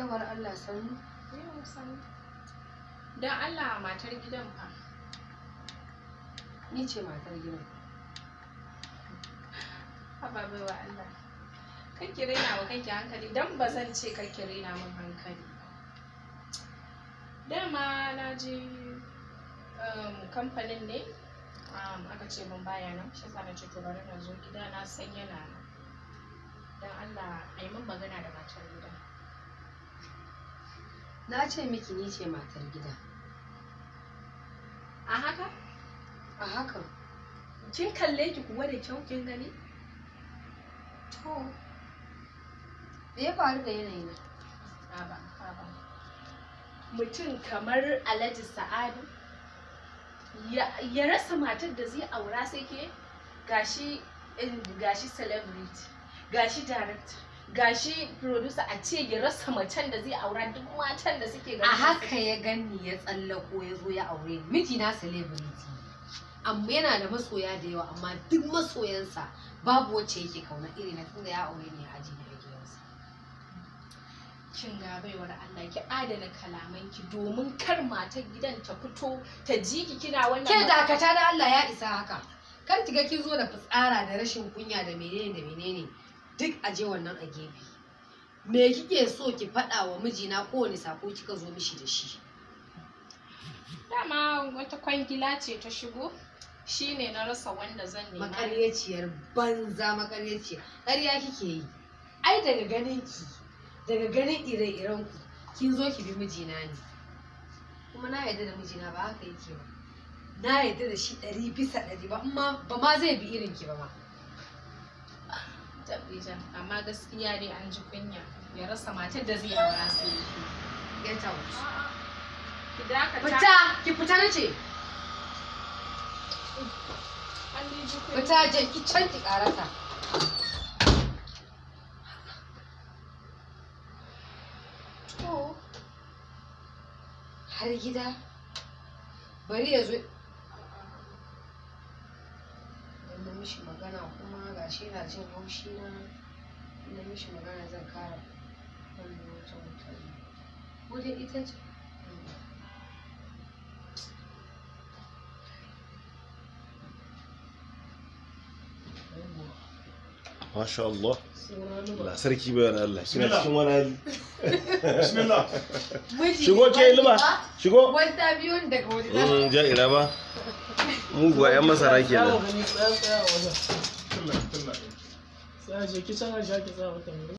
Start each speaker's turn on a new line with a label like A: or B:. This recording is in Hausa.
A: Baiwar Allah sannu. Yawan sannu. Don Allah matar gidan fa.
B: Ni ce matar gidan.
A: Haba baiwa Allah. Kan ki raina wa kanki hankali don ba zan ce kan ki raina min hankali. Dama na ji um, kamfanin ne um, aka ce mun baya nan shi sa na ce to bari na zo gida na san yana Don Allah a yi min magana da matar gidan.
B: na ce miki ni ce matar gida
A: a haka a haka kin kalle ki kuwa da kyau kin gani to me ya faru da yanayi na mutum kamar alhaji sa'adu ya rasa matar da zai aura sai ke gashi eh, gashi celebrity gashi director gashi producer a ce ya rasa macen da zai aura duk matan da suke
B: gani a haka ya gani ya tsallako ya zo ya aure miji na celebrity amma yana da masoya da yawa amma duk masoyansa babu wacce yake kauna iri na tunda ya aure ne aji na rigiyarsa
A: kin ga baiwar Allah ki adana
B: kalaman ki domin kar matar gidan ta fito ta ji ki kina wannan ke dakata da Allah ya isa haka kar ki ga kin zo da fitsara da rashin kunya da menene da menene duk aje wannan a gefe me kike so ki faɗa wa mijina kowane sako kika zo mishi da shi
A: dama wata kwangila ce ta shigo shine na rasa wanda zan
B: nema makaryaciyar banza makaryaciya ƙarya kike yi ai daga ganin ki daga ganin ire-iren ku kin zo ki bi mijina ne kuma na yarda da mijina ba haka yake ba na yarda da shi ɗari bisa ɗari ba amma ba ma zai bi irin ki ba ma Khadija
A: amma gaskiya dai an ji kunya ya rasa matar da zai aura sai ya tauci fita
B: ki fita nace fita je ki can ki karata to har gida bari ya zo mishi magana magana kuma ga shi yana jin haushi na na mishi magana zan kara wani wata mutane wajen ita ce
A: masha Allah la
B: sarki bayan Allah kina cikin wani hali bismillah shigo ke liba shigo wanda daga wani ja ira ba muguwa
A: yan masara kenan
B: sai ki tsaya ki